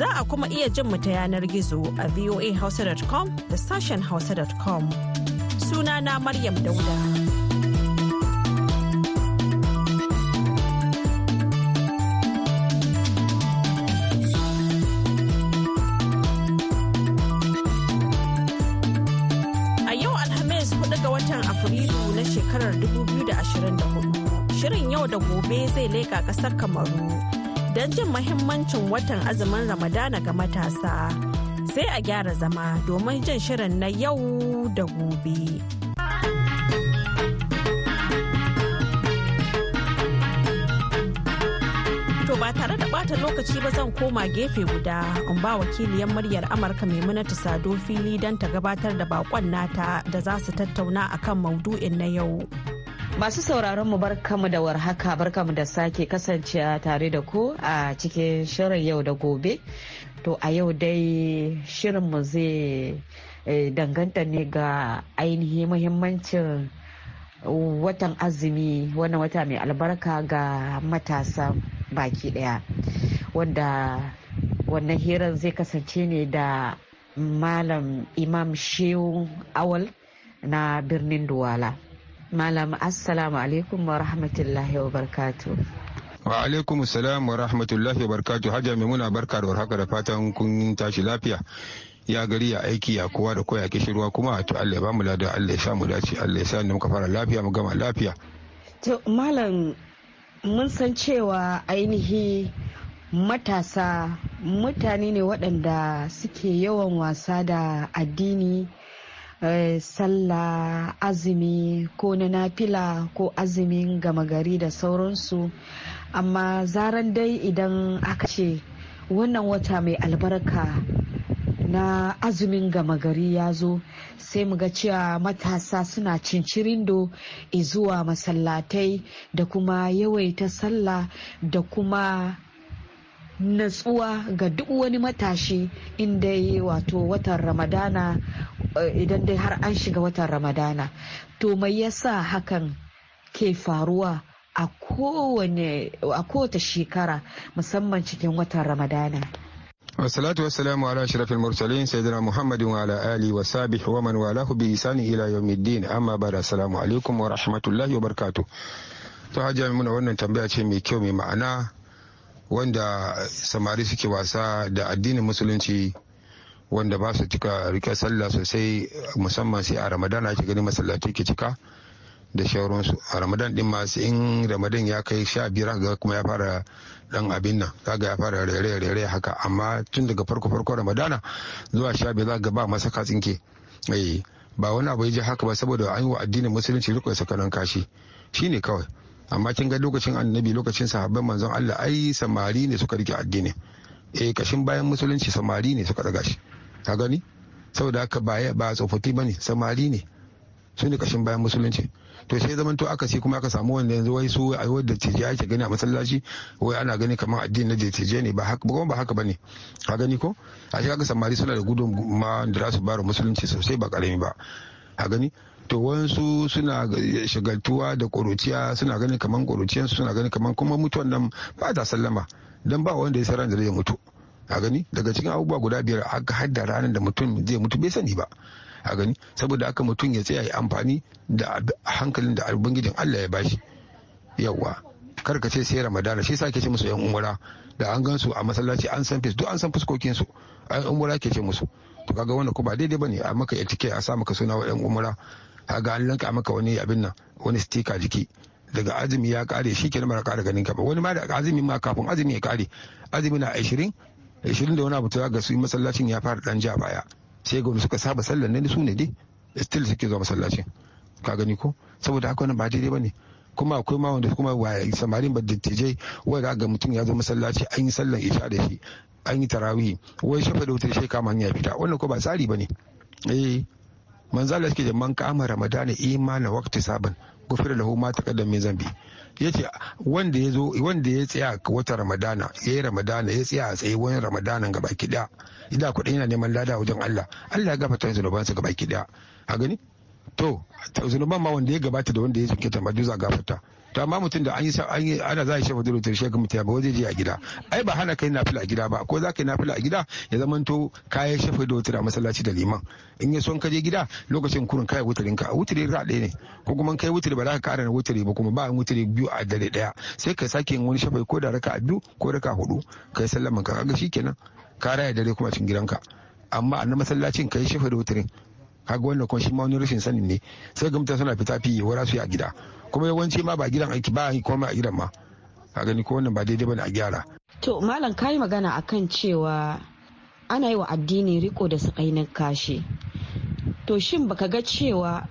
Za a kuma iya jin mu ta yanar gizo a voahausa.com da sashen hausa.com. Sunana Maryam Dauda. shekarar shirin yau da gobe zai leƙa ƙasar kamaru don jin mahimmancin watan azumin Ramadana ga matasa. Sai a gyara zama domin jin shirin na yau da gobe. To ba tare da bata lokaci ba zan koma gefe guda in ba wakiliyar muryar Amurka Maimunatu Sado fili don ta gabatar da bakon nata da za su tattauna akan maudu'in na yau. Masu sauraron mu barkamu da warhaka barkamu da sake kasancewa tare da ku a cikin shirin yau da gobe. To a yau dai shirin mu zai eh, danganta ne ga ainihin muhimmancin watan azumi wannan wata mai albarka ga matasa baki daya wanda wannan hirar zai kasance ne da malam imam shehu awal na birnin duwala. malam assalamu alaikum wa rahmatullahi wa barkatu. wa alaikum salam wa rahmatullahi wa barkatu hajja maimuna barka da warhaka da fatan kun tashi lafiya ya gari ya aiki ya kowa da koya kishirwa kuma to Allah ya bamu lada Allah ya samu dace Allah ya sa mu muka fara lafiya mu gama lafiya to malam mun san cewa ainihi matasa mutane ne waɗanda suke yawan wasa da addini Eh, sallah azumi ko na nafila ko azumin gama gari da sauransu amma zaran dai idan aka ce wannan wata mai albarka na azumin gama gari ya zo sai mu ga cewa matasa suna cincirindo zuwa masallatai da kuma yawaita sallah da kuma natsuwa ga duk wani matashi inda dai wato watan ramadana eh, idan dai har an shiga watan ramadana to mai yasa hakan ke faruwa a kowace shekara musamman cikin watan ramadana wasalatu wasalamu ala shirafin mursalin sayyidina muhammadin wa ala ali wa sabih wa man walahu bi isani ila yawmiddin amma ba da assalamu alaikum wa rahmatullahi wa barkatu to hajjami muna wannan tambaya ce mai kyau mai ma'ana wanda samari suke wasa da addinin musulunci wanda ba su cika rike sallah sosai musamman sai a ramadan ake gani masallaci ke cika da shauransu a ramadan din masu in ramadan ya kai sha biyar ga kuma ya fara dan abin nan kaga ya fara rere rere haka amma tun daga farko farko ramadana zuwa sha biyar ga ba masa ka tsinke eh, ba wani abu ya ji haka ba saboda an yi wa addinin musulunci rikon sakanan kashi shine kawai amma kin ga lokacin annabi lokacin sahabban manzon Allah ai samari ne suka rike addini eh kashin bayan musulunci samari ne suka daga shi ka gani saboda haka ba ba tsofaffi bane samari ne su ne kashin bayan musulunci to sai zaman to aka sai kuma aka samu wanda yanzu wai su a wadda tije ake gani a masallaci wai ana gani kamar addini na tije ne ba haka kuma ba haka bane ka gani ko a shi kaga samari suna da ma da za su bayar musulunci sosai ba karami ba a gani to wansu suna shagaltuwa da ƙuruciya suna ganin kaman ƙuruciyansu suna ganin kaman kuma mutuwan nan ba ta sallama don ba wanda ya san da zai mutu a gani daga cikin abubuwa guda biyar aka hada ranar da mutum zai mutu bai sani ba a gani saboda aka mutum ya tsaya ya amfani da hankalin da ubangijin Allah ya bashi yawa kar ka ce sai ramadana shi sa ke ce musu yan umura da an gan su a masallaci an san fis duk an san fuskokin su an umura ke ce musu to kaga wannan ko ba daidai bane a maka etiket a sa maka suna wa yan umura a ga an lanka maka wani abin nan wani stika jiki daga azumi ya kare shi kenan ba kara ganin ka ba wani ma da azumi ma kafin azumi ya kare azumi na 20 20 da wani abu ta ga su masallacin ya fara dan ja baya sai ga wani suka saba sallan nan su ne dai still suke zuwa masallacin ka gani ko saboda haka wannan ba daidai bane kuma akwai ma wanda kuma samarin ba dattijai wai ga mutum ya zo masallaci an yi sallan isha da shi an yi tarawih wai shafa da wutar shi kama hanya fita wannan ko ba tsari bane eh manzo Allah yake da man kama ramadana imana waqti saban gufira lahu ma taqaddam min zambi yace wanda ya ce wanda ya tsaya a wata ramadana ya yi ramadana ya tsaya a tsaye wani ramadana gaba kiɗa ida kuɗi yana neman lada wajen Allah Allah ya gafarta ga gaba kiɗa a gani to zunuban ma wanda ya gabata da wanda ya zuke ma duza za gafarta to amma mutum da an yi an yi ana za a shafa dole to shekaru mutum ba waje je a gida ai ba hana kai nafila a gida ba ko za ka yi nafila a gida ya ka yi shafa dole a masallaci da liman in ya son ka je gida lokacin kurin kai wutarin ka wutare ra ɗaya ne ko kuma kai wutar ba za ka ƙara na wutare ba kuma ba wutar biyu a dare ɗaya sai ka sake yin wani shafa ko da raka biyu ko raka hudu kai sallaman ka kaga shikenan ka raya dare kuma cikin gidanka amma a na masallacin kai shafa da wutarin kaga wannan kuma shi ma wani rashin sanin ne sai ga mutane suna fita fiye wara su yi a gida kuma yawanci ma ba gidan aiki ba yi komai a gidan ma a gani ko wannan ba daidai bane a gyara to malam kai magana akan cewa ana yi wa addini riko da su sakainin kashi to shin baka ga cewa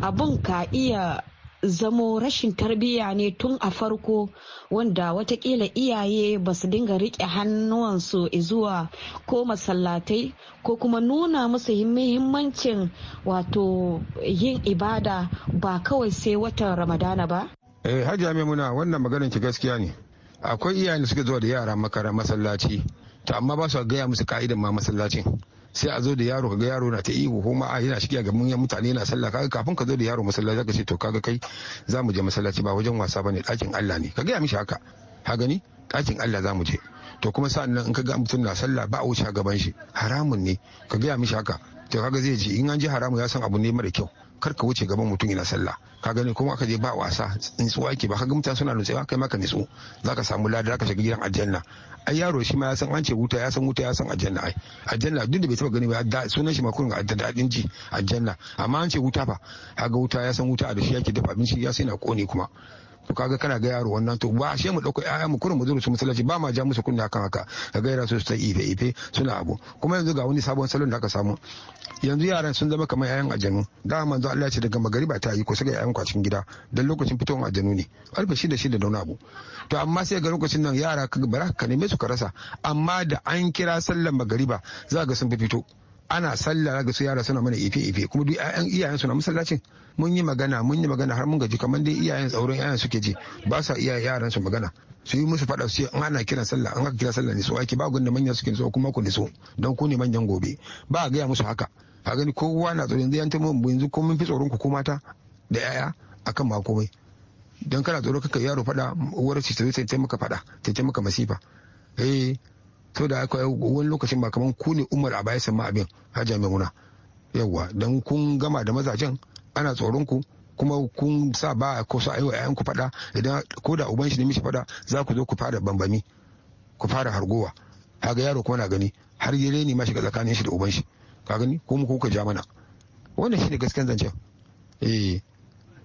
abun ka iya zamo rashin tarbiyya ne tun a farko wanda watakila iyaye ba su dinga riƙe hannuwansu zuwa ko masallatai ko kuma nuna musu muhimmancin wato yin ibada ba kawai sai watan ramadana ba? Eh, Hajiya Maimuna wannan maganin ki gaskiya ne. Akwai iyayen da suke zuwa da yara makara masallaci, ta amma ba su gaya musu ka'idan ma masallacin. sai a zo da yaro kaga yaro na ta ihu ko ma yana shiga ga mun mutane yana sallah kaga kafin ka zo da yaro masallaci zaka ce to kaga kai za mu je masallaci ba wajen wasa bane ɗakin Allah ne kaga ya mishi haka ha gani ɗakin Allah za mu je to kuma sa'an nan in kaga mutum na sallah ba a wuce gaban shi haramun ne kaga ya mishi haka to kaga zai ji in an ji haramun ya san abu ne mara kyau kar ka wuce gaban mutum yana sallah ka gani kuma aka je ba wasa in ke yake ba kaga mutane suna nutsewa kai maka nutsu zaka samu lada zaka shiga gidan aljanna ai yaro shi ma ya san an ce wuta ya san wuta ya san aljanna ai aljanna duk da bai taba gani ba sunan shi ma kurin da dadin ji aljanna amma an ce wuta fa kaga wuta ya san wuta a da shi yake dafa abinci ya sai na kone kuma to kaga kana ga yaro wannan to ba ashe mu dauko ƴaƴan mu kurin mu zuru su masallaci ba ma ja musu kunni akan haka ka ga su ta ife ife suna abu kuma yanzu ga wani sabon salon da aka samu yanzu yaran sun zama kamar ƴaƴan ajanu da manzo Allah ya ce daga magariba ta yi ko sai ƴaƴan ku a cikin gida dan lokacin fitowar ajanu ne alfa da shi da dauna abu to amma sai ga lokacin nan yara ka bara ka neme su ka rasa amma da an kira sallan magariba za ga sun fi fito ana sallah ga su yara suna mana ife ife kuma duk ƴaƴan iyayen suna masallacin mun yi magana mun yi magana har mun gaji kamar dai iyayen tsaurin iyayen suke ji ba sa iya yaran su magana su yi musu faɗa su ce ana kiran sallah an aka kira sallah ne su ake ba gunda manyan suke so kuma ku ne so don ku ne manyan gobe ba a gaya musu haka ka gani kowa na tsoron zai yanta mun yanzu ko mun fi tsoron ku ko mata da yaya akan ma komai don kana tsoro kaka yaro faɗa uwar ce ta zo ta fada faɗa ta taimaka masifa eh saboda haka wani lokacin ba kamar ku ne umar a baya sama abin hajja maimuna yawwa don kun gama da mazajen ana tsoron ku kuma kun sa ba ko sa ayo ku fada idan ko da uban shi ne mishi fada za ku zo ku fara bambami ku fara hargowa kaga yaro kuma na gani har yi reni ma shiga tsakanin shi da uban shi ka gani ko mu kuka ja mana wannan shine gaskiyar zancen eh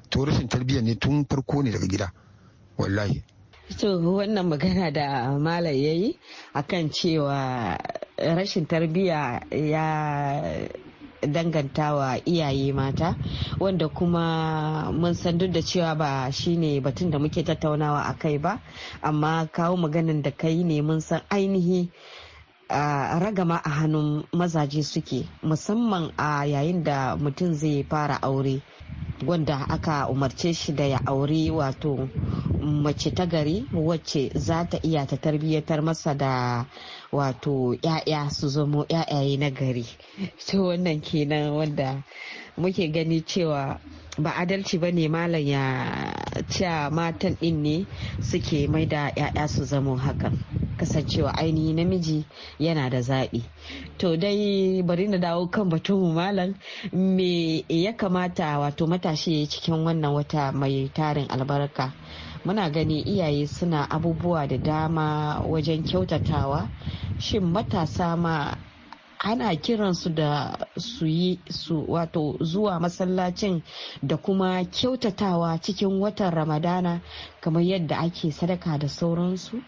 to rashin tarbiyyar ne tun farko ne daga gida wallahi To wannan magana da Malam ya yi akan cewa rashin tarbiyya ya dangantawa iyaye mata wanda kuma mun san duk da cewa ba shine batun da muke tattaunawa a kai ba amma kawo maganin da kai ne mun san ainihi a ragama a hannun mazaje suke musamman a yayin da mutum zai fara aure wanda aka umarce shi da ya aure wato mace ta gari wacce za ta iya ta tarbiyyatar masa da wato ‘ya'ya su zamo ‘ya'yaye na gari to wannan kenan wanda muke gani cewa ba adalci ba ne malam ya cewa matan din ne suke mai da ‘ya'ya su zamo hakan kasancewa ainihi namiji yana da zaɓi to dai bari na dawo kan batun malam me ya kamata wato matashi ya cikin wannan wata mai tarin albarka muna gani iyaye suna abubuwa da dama wajen kyautatawa shin matasa ma ana kiransu da su yi su wato zuwa masallacin da kuma kyautatawa cikin watan ramadana kamar yadda ake sadaka da sauransu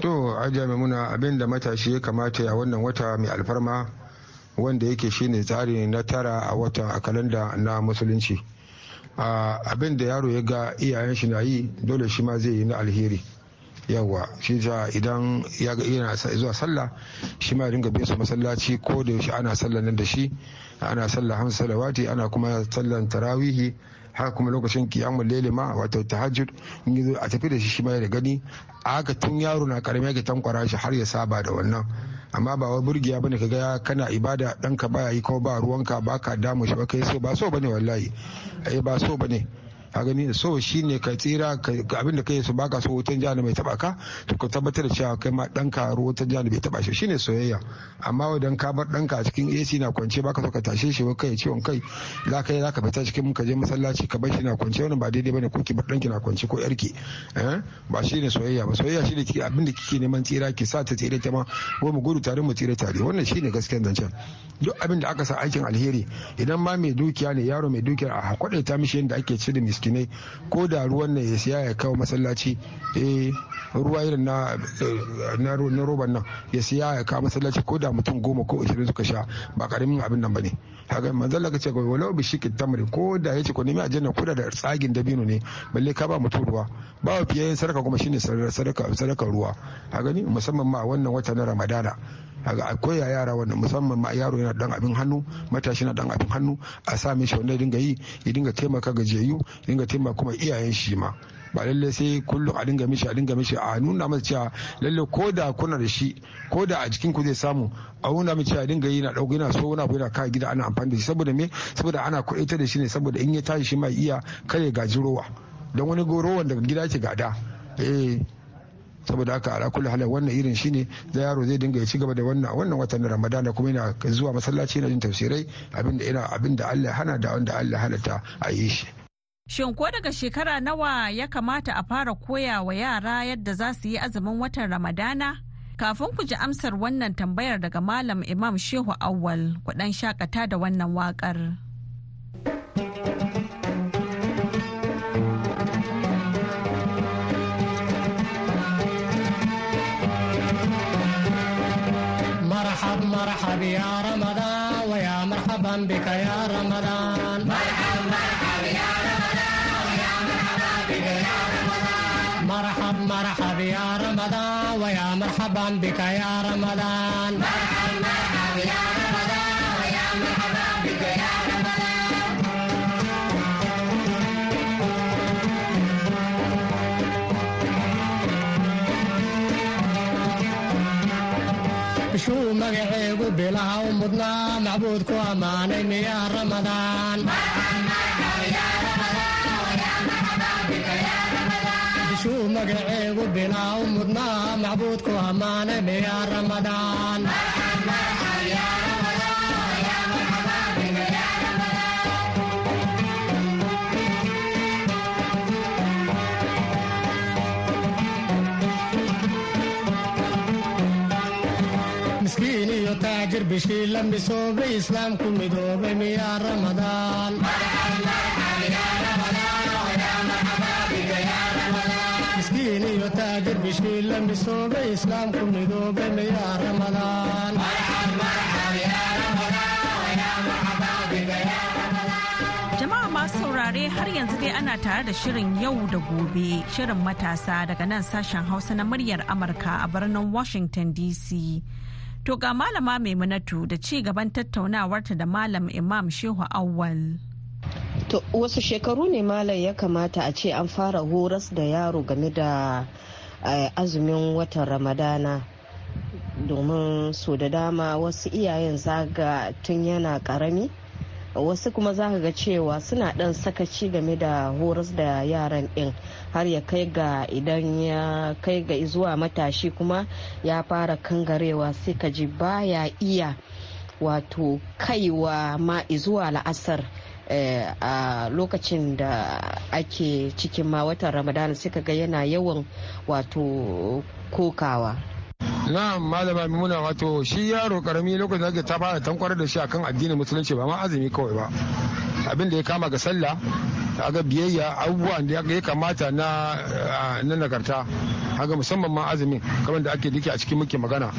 to a muna abin matashi ya kamata ya wannan wata mai alfarma wanda yake shine tsari na tara a wata a kalanda na musulunci abin da yaro ya ga iyayen shi na yi dole shi ma zai yi na alheri yawa shi ja idan ya ga yana zuwa sallah shi ma dinga bin su masallaci ko da yaushe ana sallah nan da shi ana sallah hamsu salawati ana kuma sallan tarawihi haka kuma lokacin kiyamul lele ma wato tahajjud zo a tafi da shi shi ma ya gani a haka tun yaro na karami yake tankwara shi har ya saba da wannan amma ba wai burgiya bane kaga kana ibada ɗanka baya yi kuma ba ruwanka ba ka damu shi ba kai so ba so bane wallahi ba so bane ka gani so shine ka tsira abin da kai so baka so wutan jihar mai taba ka to ka tabbatar da cewa kai ma dan ka ruwa wutan jihar bai taba shi shine soyayya amma wadan ka bar ka a cikin AC na kwance baka so ka tashe shi ba kai ciwon kai za ka yi za ka fita cikin ka je masallaci ka bar shi na kwance wannan ba daidai bane ko ki bar danki na kwance ko yarki eh ba shine soyayya ba soyayya shine ki abin da kike neman tsira ki sa ta tsira ta ma ko mu gudu tare mu tsira tare wannan shine gaskiyar zancen duk abin da aka sa aikin alheri idan ma mai dukiya ne yaro mai dukiya a hakuri ta mishi yadda ake cire miskinai ko da ruwan nan ya siya ya kawo masallaci eh ruwa irin na eh, na roban nan ya siya ya kawo masallaci ko da mutum goma ko ishirin suka sha ba karamin abin nan bane haka manzala ka ce walau bi shiki tamri ko da ce ko nemi aljanna ko da tsagin dabino ne balle ka ba mutum ruwa ba wa fiye sadaka kuma shine sadaka sadaka ruwa a gani musamman ma wannan wata na Ramadana a koya yara wanda musamman ma yaro yana dan abin hannu matashi na dan abin hannu a sa mishi wanda dinga yi ya dinga taimaka ga jeyu ya dinga taimaka kuma iyayen shi ma ba lalle sai kullum a dinga mishi a dinga mishi a nuna masa cewa lalle ko da kuna da shi ko da a jikin ku zai samu a nuna mishi a dinga yi na dauki yana so wani abu yana kai gida ana amfani da shi saboda me saboda ana kuɗaitar da shi ne saboda in ya tashi shi ma iya kare gaji rowa don wani rowan daga gida ke gada eh saboda haka ala kulli hal wannan irin shine da yaro zai dinga ya ci gaba da wannan wannan watan ramadana kuma yana zuwa masallaci na jin tafsirai abinda ina abinda Allah ya hana da wanda Allah halatta a yi shi Shin ko daga shekara nawa ya kamata a fara koya wa yara yadda za su yi azumin watan Ramadana? Kafin ku ji amsar wannan tambayar daga Malam Imam Shehu Awwal, ku dan shakata da wannan wakar. مرحبا بك يا رمضان مرحبا مرحبا يا رمضان يا مرحبا يا رمضان mushuu magaceegu bilaha u mudnaa macbuudku ammaanayn ya shuu magaceegu bilaaw mudnaa macbuudku ammaane ramadaan taajir bishii la misoobay islaamku midoobay miyaa ramadaan diin iyo masu saurare har yanzu dai ana tare da shirin yau da gobe shirin matasa daga nan sashen hausa na muryar amurka a birnin washington dc to ga malama mai maimunatu da ci gaban tattaunawarta da malam imam shehu awwal To wasu shekaru ne malam ya kamata a ce an fara horas da yaro game da eh, azumin watan Ramadana. domin so da dama wasu iyayen zaga tun yana karami wasu kuma za ga cewa suna ɗan sakaci game da horas da yaran ɗin har ya kai ga idan ya kai ga zuwa matashi kuma ya fara kangarewa sai ka ji baya iya wato kaiwa ma zuwa la'asar Eh, a lokacin da ake cikin ma watan ramadana suka ga yana yawan wato kokawa na'am malama muna wato shi yaro karami lokacin da ake ta fara tankwar da shi akan addinin musulunci ba ma azumi kawai ba abin da ya kama ga sallah ga biyayya abubuwan da ya kamata na eh, na nagarta haga musamman ma azumin kamar da ake duki a cikin muke magana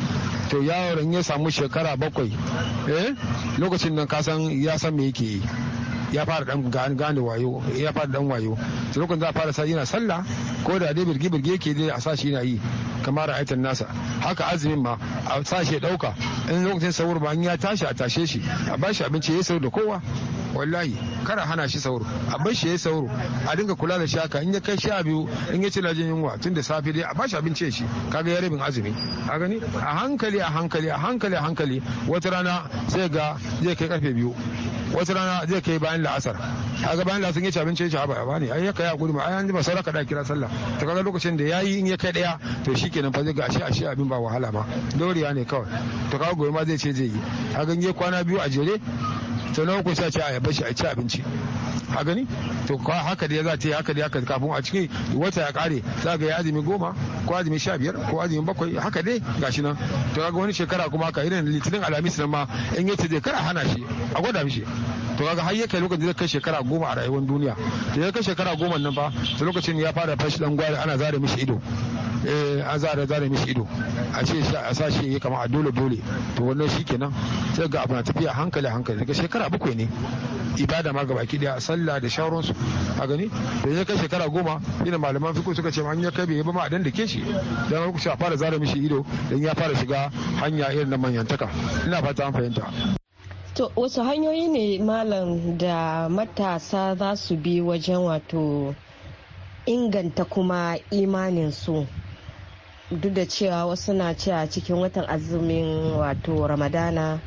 to yaron ya samu shekara bakwai eh lokacin nan kasan ya san me yake yi ya fara dan gane wayo ya fara dan wayo to lokacin za fara sa yana sallah ko da dai birgi birge yake dai a sa yana yi kamar ra'aitan nasa haka azumin ma a sa ya dauka in lokacin sahur ba ya tashi a tashe shi a bashi abinci ya sayar da kowa wallahi kara hana shi sauro a bar shi yayi sauro a dinga kula da shi haka in ya kai sha biyu in ya ci lajin yunwa tun da safe dai a bashi abinci shi kaga ya rabin azumi a gani a hankali a hankali a hankali a hankali wata rana sai ga zai kai karfe biyu wata rana zai kai bayan la'asar kaga bayan la'asar ya ci abinci shi haba ba ne ai ya kai a gudu ma ai an ji ba da kada kira sallah ta kaga lokacin da yayi in ya kai daya to shikenan fa zai ga ashe ashe abin ba wahala ba doriya ne kawai to kaga gobe ma zai ce zai yi kaga ya kwana biyu a jere sannan na sa ce a yaba shi a ci abinci a gani to haka da ya za ta yi haka da haka kafin a cikin wata ya kare za ga ya azumi goma ko azumi sha biyar ko azumi bakwai haka dai gashi nan to kaga wani shekara kuma haka irin litinin alhamis nan ma in yace zai kara hana shi a gwada mishi to kaga har yake lokacin da kai shekara goma a rayuwar duniya da ya kai shekara goma nan fa to lokacin ya fara fashi dan gwari ana zare mishi ido Eh, a zara zara mishi ido a ce a sashe ya kama a dole dole to wannan shi kenan sai ga abu na tafiya hankali hankali daga shekara bakwai ne ibada ma gaba baki daya sallah da shauransu a gani da ya kai shekara goma yana malaman fiko suka ce an ya kai bai ba ma a dan da ke shi dan lokaci a fara zara mishi ido dan ya fara shiga hanya irin na manyantaka ina fata an fahimta To wasu hanyoyi ne malam da matasa za su bi wajen wato inganta kuma imanin su. duk da cewa wasu na cewa cikin watan azumin wato ramadana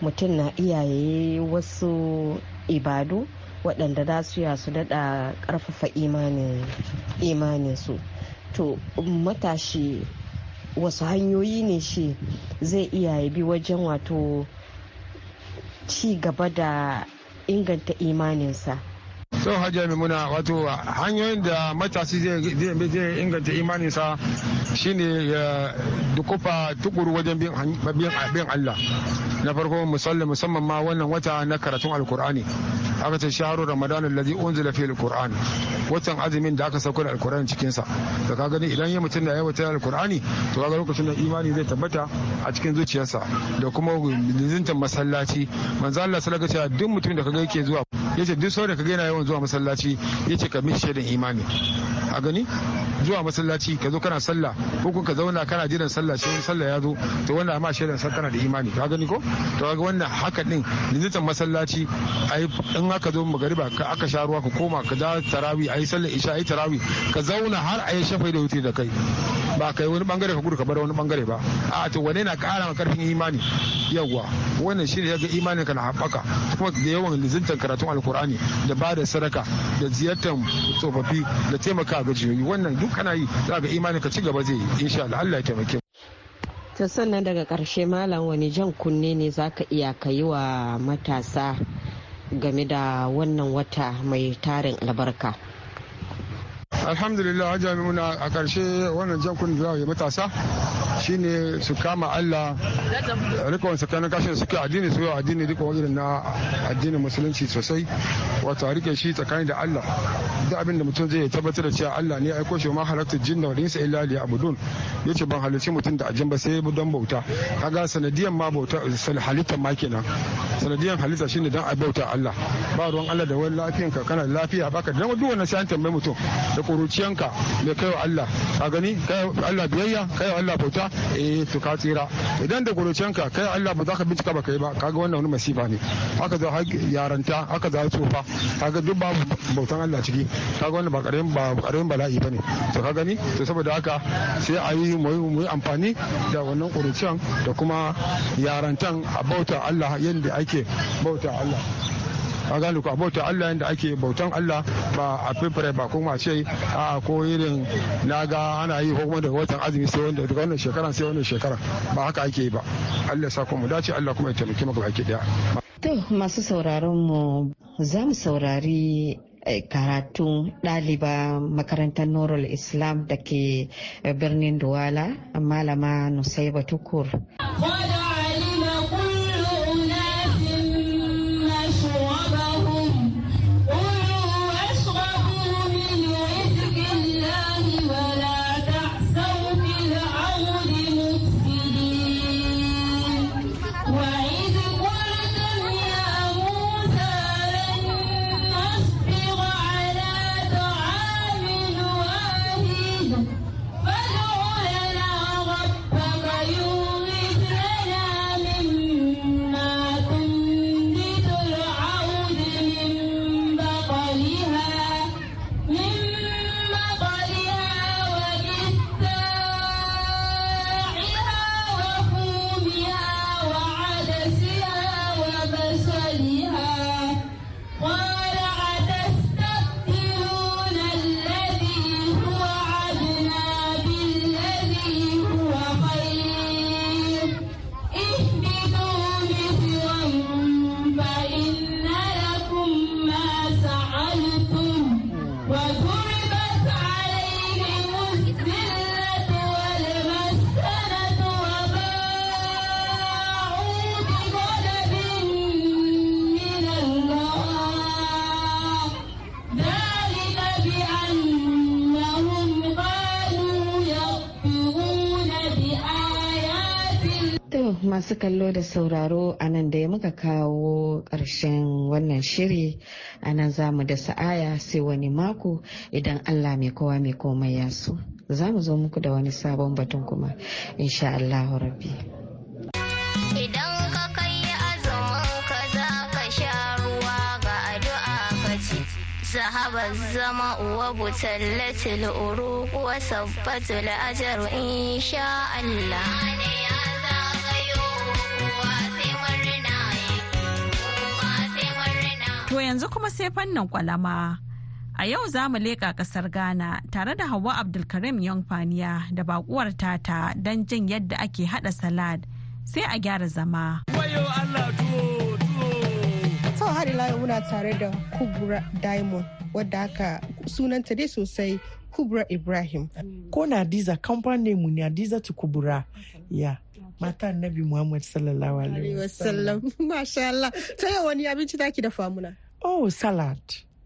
mutum na iyaye wasu ibadu waɗanda za su ya su daɗa ƙarfafa imaninsu to matashi wasu hanyoyi ne shi zai iya bi wajen wato ci gaba da inganta imaninsa so hajiya maimuna wato hanyoyin da matashi zai inganta imaninsa shine ya dukufa tukuru wajen bin allah na farko musamman ma wannan wata na karatun alkur'ani aka ce shaharu ramadan allazi unzila fil qur'an watan azumin da aka sauko da alkur'ani cikin sa to ka gani idan ya mutum da ya wata alkur'ani to kaga lokacin da imani zai tabbata a cikin zuciyarsa da kuma lizintan masallaci manzo Allah sallallahu alaihi wasallam duk mutum da kaga yake zuwa yace duk sau da kaga yana yawan zuwa masallaci ya ce ka mishi shaidan imani a gani zuwa masallaci ka zo kana sallah ko ka zauna kana jiran sallah sai wani sallah ya zo to wannan ma shaidan san kana da imani ka gani ko to kaga wannan haka din lizitan masallaci ai in aka zo magariba ka aka sha ruwa ka koma ka da tarawi ai sallar isha ai tarawi ka zauna har ayi shafai da wuce da kai ba kai wani bangare ka gudu ka bar wani bangare ba a to wane na kara ma karfin imani yawwa wannan shine yaga imanin ka na haɓaka kuma da yawan lizintan karatun alkur'ani da ba da sadaka da ziyartar tsofaffi da taimaka ga jiyoyi wannan duk kana yi za ga imanin ka ci gaba zai yi insha Allah Allah ya taimake ta sannan daga karshe malam wani jan kunne ne za ka iya ka yi wa matasa game da wannan wata mai tarin albarka alhamdulillah hajji muna a karshe wannan jan kun da ya matasa shine su kama allah rikon tsakanin kashin suke addini su yau addini duka irin na addinin musulunci sosai wato a rike shi tsakanin da allah duk abin da mutum zai tabbatar da cewa allah ne aiko shi ma halatta wani sai lali a budun ya yace ban halarci mutum da ajin ba sai don bauta kaga sanadiyan ma bauta halitta ma kenan sanadiyan halitta shine dan a bauta allah ba ruwan allah da wani lafiyanka kana lafiya baka da duk wani sai an tambaye mutum da ƙuruciyanka da kai wa Allah ka gani kai Allah biyayya kai Allah bauta eh to ka tsira idan da ƙuruciyanka kai Allah ba za ka bincika ba kai ba kaga wannan wani masifa ne haka za yaranta haka za tsufa kaga duk babu bautan Allah ciki kaga wannan ba karamin ba karamin bala'i bane to ka gani to saboda haka sai a yi mu yi amfani da wannan ƙuruciyan da kuma yarantan a bauta Allah yadda ake bauta Allah ka gane a abota Allah yanda ake bautan Allah ba a fifire ba kuma a ce a ko irin na ga ana yi ko kuma daga watan azumi sai wanda daga wannan shekara sai wannan shekara ba haka ake yi ba Allah sa kuma dace Allah kuma ya taimake maka baki daya to masu sauraron mu za mu saurari eh, karatun ɗaliba makarantar norol islam da ke eh, birnin duwala malama nusaiba tukur. kallo da sauraro a nan da ya muka kawo karshen wannan shiri a nan za mu da sa'aya sai wani mako idan Allah mai kowa mai komai ya so. Za mu zo muku da wani sabon batun kuma, insha Allahu Idan ka kai ka za sha ruwa ga addu'a ka Zahaba zama uwa butallatul uruq wa sabbatul ajr insha Allah. To yanzu kuma sai fannin kwalama. A yau za mu leƙa ƙasar Ghana tare da Hauwa Abdulkarim Yonfaniya da baƙuwar tata don jin yadda ake haɗa salad sai a gyara zama. Sau hari layo muna tare da kubra Diamond wadda aka sunanta dai sosai kubra Ibrahim. Ko na Diza, kamfanin mu ne Diza ta kubra. mata annabi muhammad sallallahu alaihi wasallam masha Allah ta yau wani abinci taki da famuna oh salad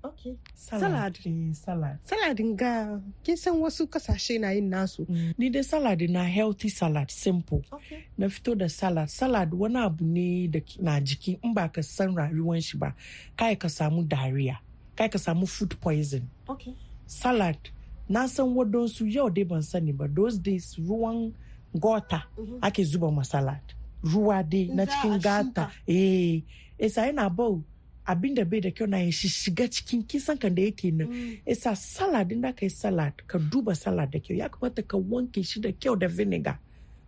Okay. Salad. Salad. Eh, salad ga kin san wasu kasashe na yin nasu. Mm. Ni dai salad na healthy salad simple. Okay. Na fito da salad. Salad wani abu ne da na jiki in ba ka san rayuwan shi ba. Kai ka samu diarrhea. Kai ka samu food poison. Okay. Salad na san wadansu yau dai ban sani ba those days ruwan gota mhm. ake zuba masalad ruwa dai na cikin gata eh isa yana bau abinda bai da kyau na ya shiga cikin kisan kan da yake nan isa mm. salad din ka yi salad ka duba salad da kyau ya kamata ka wanke shi da kyau da vinegar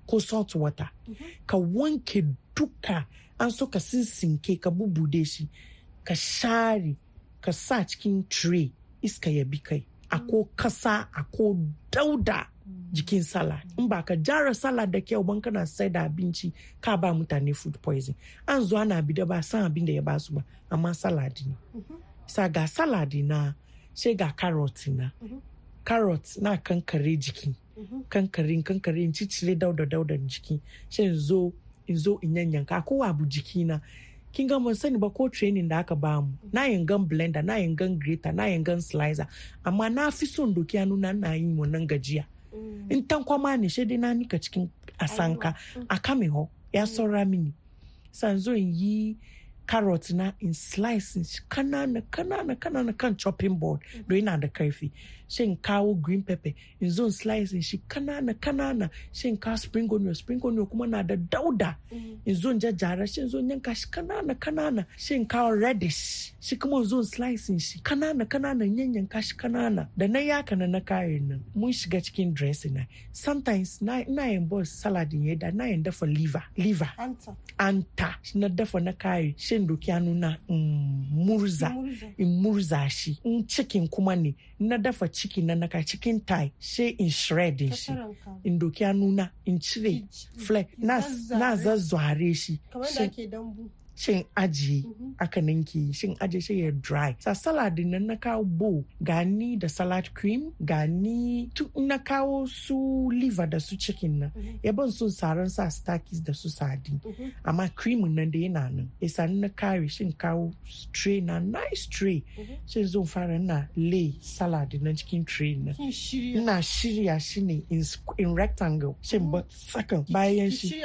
ko salt water mhm. ka wanke duka an so ka sinsinke ka bubude shi ka share ka sa cikin tray iska ya bi kai ako mm. kasa ako dauda jikin salad in ba ka jara salad da kyau ban kana sai da abinci ka ba mutane food poison an zuwa n'a bi da ba san abin da ya ba su ba amma salad ne sa ga salad na sai ga carrot na carrot na kankare jiki kankarin kankare in cicire dauda daudan jiki sai in zo in zo in yanyanka ko abu jiki na kin ga mun sani ba ko training da aka ba mu na gan blender na gan grater na gan slicer amma na fi son doki hannu na na yin wannan gajiya kwama ne hyɛ de ka cikin asanka aka mm. mm. mi hɔ yasɔra mini san zo yi carrot na in slices kanana kanana kanana kan chopping board mm. do ina da karfi shin kawo green pepper in zone slicing shi kanana kanana shin ka spring onion spring onion kuma na da dauda mm. in zone jajjara shin zone yanka shi kanana kanana shin kawo radish shi kuma zone slicing shi kanana kanana yanyanka shi kanana da na yaka na na kayan nan mun shiga cikin dressing na sometimes na ina yin boss salad ya da na yin dafa liver liver anta shi na dafa na kayan shin doki hannu na mm, murza in murza shi in cikin kuma ne na dafa ciki na naka cikin tai sai in shredding shi in doki nuna in cire flake na zazzware shi kamar da ke dambu shin aji mm-hmm. aka ninki shin aji shi ya dry sa salad na kawo bo gani da salad cream gani na kawo su liver da su chicken na mm-hmm. ya ban sun saran sa stakis da su sadi mm-hmm. amma cream nan da yana nan ya sani na kare shin kawo tray na nice tray shin zon fara na lay salad na cikin tray na na shirya shi ne in rectangle shin ba sakan bayan shi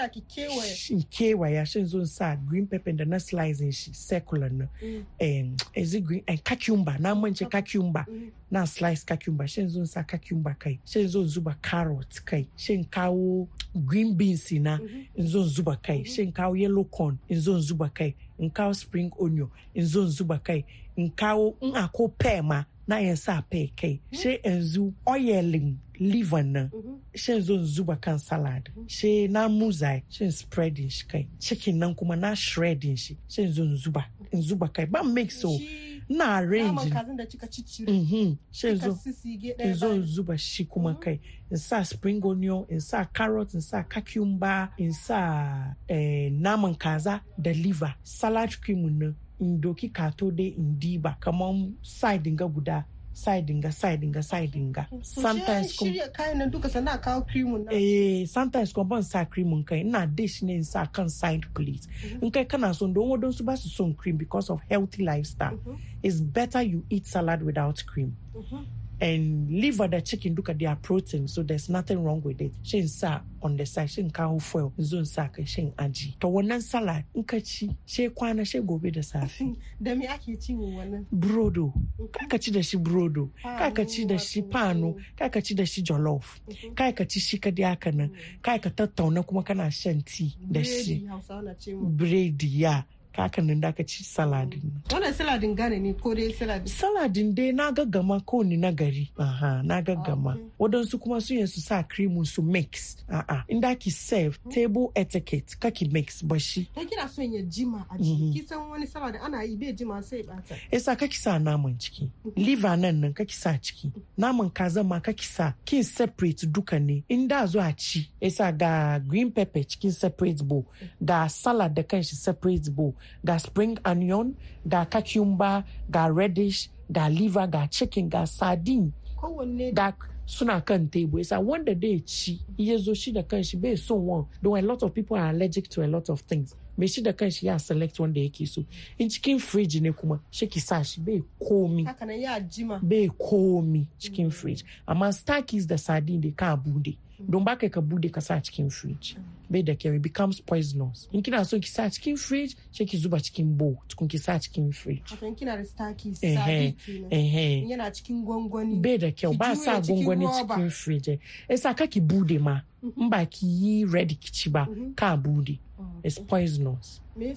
in kewaya shin zon sa green pepper da na slicing shi circular nan mm. ezigui eh, cucumber na mance cucumber mm. na slice cucumber shin zo sa cucumber kai shin zo zuba carrot kai shin kawo green beans na mm-hmm. in zo zuba kai mm-hmm. shin kawo yellow corn in zo zuba kai in kawo spring onion in zo zuba kai in kawo in ako pear ma na iya sa fai kai shi yanzu oilin liver nan shi zo zuba kan salad shi na muza shi spreading shi kai chicken nan kuma na shredding shi shi zo zuba in zuba kai ba make so na arrange mhm shi zo in zo zuba shi kuma mhm. kai in sa spring onion in sa carrot in sa cucumber in sa eh, naman kaza da liver salad cream nan in doki kato dai in diba kamar side ga guda side ga side ga side ga sometimes kuma shirya kayan nan duka sana kawo cream na eh sometimes kuma ban sa cream kai ina dish ne in sa kan side plate mhm. in kai kana so don wadon su ba su son cream because of healthy lifestyle mm it's better you eat salad without cream mm -hmm. and liver da chicken duka they are protein so there's nothing wrong with it shin sa on the side shin kawo foil e. zon sa kai shin aji to wannan salad in ka ci she kwana she gobe da safe da me ake cin wannan brodo ka ka ci da shi brodo ka ka ci da shi pano ka ka ci da shi jollof ka ka ci shi ka dai haka nan ka tattauna kuma kana shan tea da shi biredi ya kakannin da aka ci saladin. Wannan saladin gane ne ko dai saladin? Saladin dai na gaggama ko ni na gari. Aha, na gaggama. Wadansu kuma su yin su sa cream su mix. A'a, inda ki serve mm-hmm. table etiquette kaki mix ba shi. Kai kina son ya jima a ciki. Mm-hmm. Ki san wani saladin ana yi bai jima sai bata. Esa kaki sa naman ciki. Mm-hmm. Liver nan nan kaki sa ciki. Naman kaza ma kaki sa. Kin separate duka ne. Inda da zo a ci. Esa ga green pepper cikin separate bowl. Ga salad da kanshi separate bowl. ga spring onion ga cucumber ga reddish ga liver ga chicken ga sardine ga suna kan table yasa wanda dai ci ya zo shi da kanshi bai so wan don a lot of people are allergic to a lot of things mai shi da kanshi ya select wanda yake so in cikin fridge ne kuma shi ki sa shi bai komi bai komi cikin mm. fridge amma starkies da sardine da ka bude mm. don ba ka bude ka sa cikin fridge mm bai da kyau becomes poisonous in kina so ki sa cikin fridge sai ki zuba cikin bowl tukun ki sa cikin fridge wato kina da staki eh eh yana cikin gwangwani bai da kyau ba sa gwangwani cikin fridge eh e ka ki bude ma in mm-hmm. ba ki yi ready ki ci ba mm-hmm. ka bude oh, is poisonous. yi e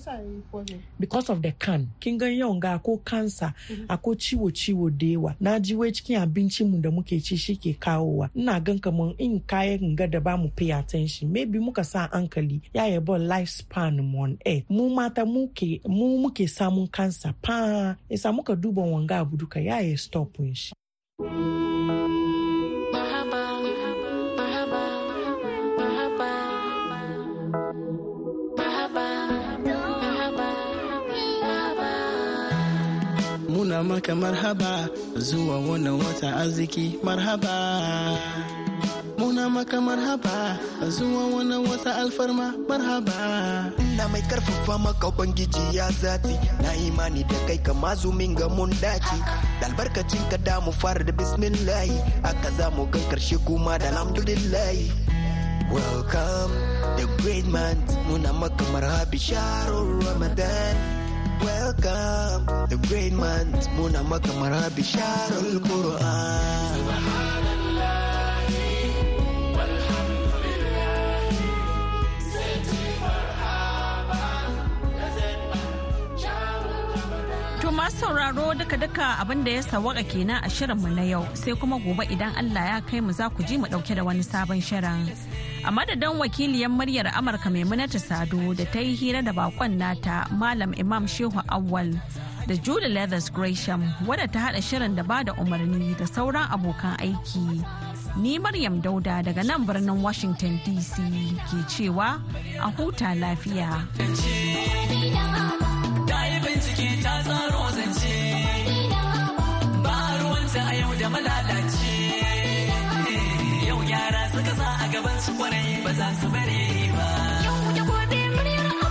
Because of the can. Kin gan yau ga ko kansa, ako ciwo-ciwo da yawa. Na ji wai cikin abinci mu da muke ci shi ke kawowa. Ina gan kaman in kayan ga da ba mu pay attention. Maybe muka sa hankali ya yaba lifespan mu on earth mu mata muke mu muke samun kansa pa isa muka duba wanga abu duka ya yi stop shi Muna maka marhaba zuwa wannan wata arziki marhaba. muna maka marhaba zuwa wannan wata alfarma marhaba ina mai karfafa maka ubangiji ya zati na imani da kai ka mazumin ga mun daki dalbarkacin ka da mu fara da bismillahi aka za mu gan karshe kuma da alhamdulillahi welcome the great man muna maka marhabi sharon ramadan welcome the great man muna maka marhabi sharon qur'an sauraro duka-duka abinda ya sawaka kenan a shirinmu na yau sai kuma gobe idan Allah ya kai mu za ku ji mu dauke da wani sabon shirin. A madadin wakiliyar muryar Amurka Maimunatu Sado da ta yi hira da bakon nata Malam Imam Shehu Awwal da Julie Leathers Gresham wadda ta haɗa shirin da ba da umarni da sauran abokan aiki. Ni Maryam Dauda daga nan birnin Washington DC ke cewa a huta lafiya. bincike ta tsaro zance ba ruwanta a yau da malalace yau gyara suka sa a gaban su kwarai ba za su bare